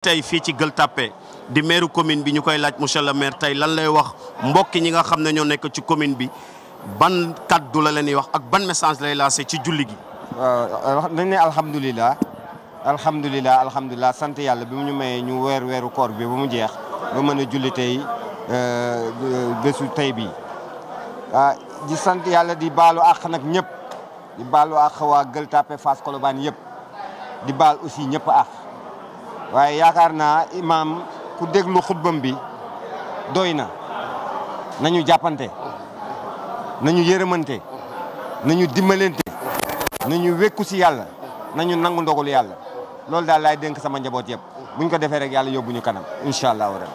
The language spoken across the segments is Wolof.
tey fii ci Gueule Tapée di maire commune bi ñu koy laaj monsieur le maire tey lan lay wax mbokki ñi nga xam ne ñoo nekk ci commune bi ban kàddu la leen di wax ak ban message lay lancé ci julli gi. waaw wax nañ sant yàlla bi mu ñu mayee ñu weer weeru koor bi ba mu jeex ba mën a julli tey euh, bésu tey bi ah, di sant yàlla di baalu àq nag ñëpp di baalu àq waa Gueule Tapée Fass Colobane yëpp di baal aussi ñëpp àq. waaye yaakaar naa imaam ku déglu xutbam bi doy na na nañu jàppante nañu yërëmante nañu na ñu wékku si yàlla nañu nangu ndogul yàlla loolu daal laay dénk sama njaboot yëpp buñ ko defee rek yàlla yóbbu ñu kanam incha allahu rabbi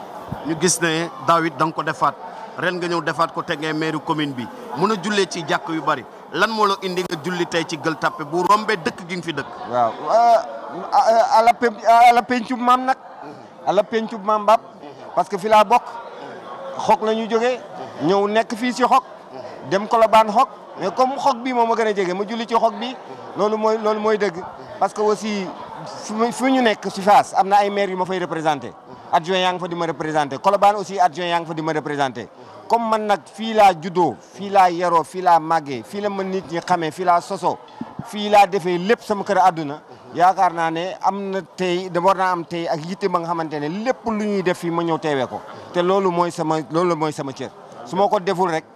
ñu gis ne daaw it da nga ko defaat ren nga ñëw defaat ko te ngay maire commune bi mun a jullee ci jàkk yu bari lan moo la indi nga julli tey ci Gueule Tapée bu rombee dëkk gi nga fi dëkk. waaw ah, ah, ah, ala pe ala pencub maam nag. ala pencub maam baab. parce que fi laa bokk. xog la ñu jógee. ñëw nekk fii si xog. dem Colobane xog mais comme xog bi moom a gën a jege ma julli ci xog bi. loolu mooy loolu mooy dëgg. parce que aussi fu ñu nekk surface am na ay maire yu ma fay représenté adjoint yaa ngi fa di ma représenté Colobane aussi adjoint yaa ngi fa di ma représenté comme man nag fii laa juddoo fii laa yaroo fii laa màggee fii la ma nit ñi xamee fii laa soso fii laa defee lépp sama kër àdduna yakaar naa ne am na tey da war naa am tey ak yitte ba nga xamante ne lépp lu ñuy def fii ma ñëw teewee ko te loolu mooy sama loolu mooy sama cër su ma ko deful rek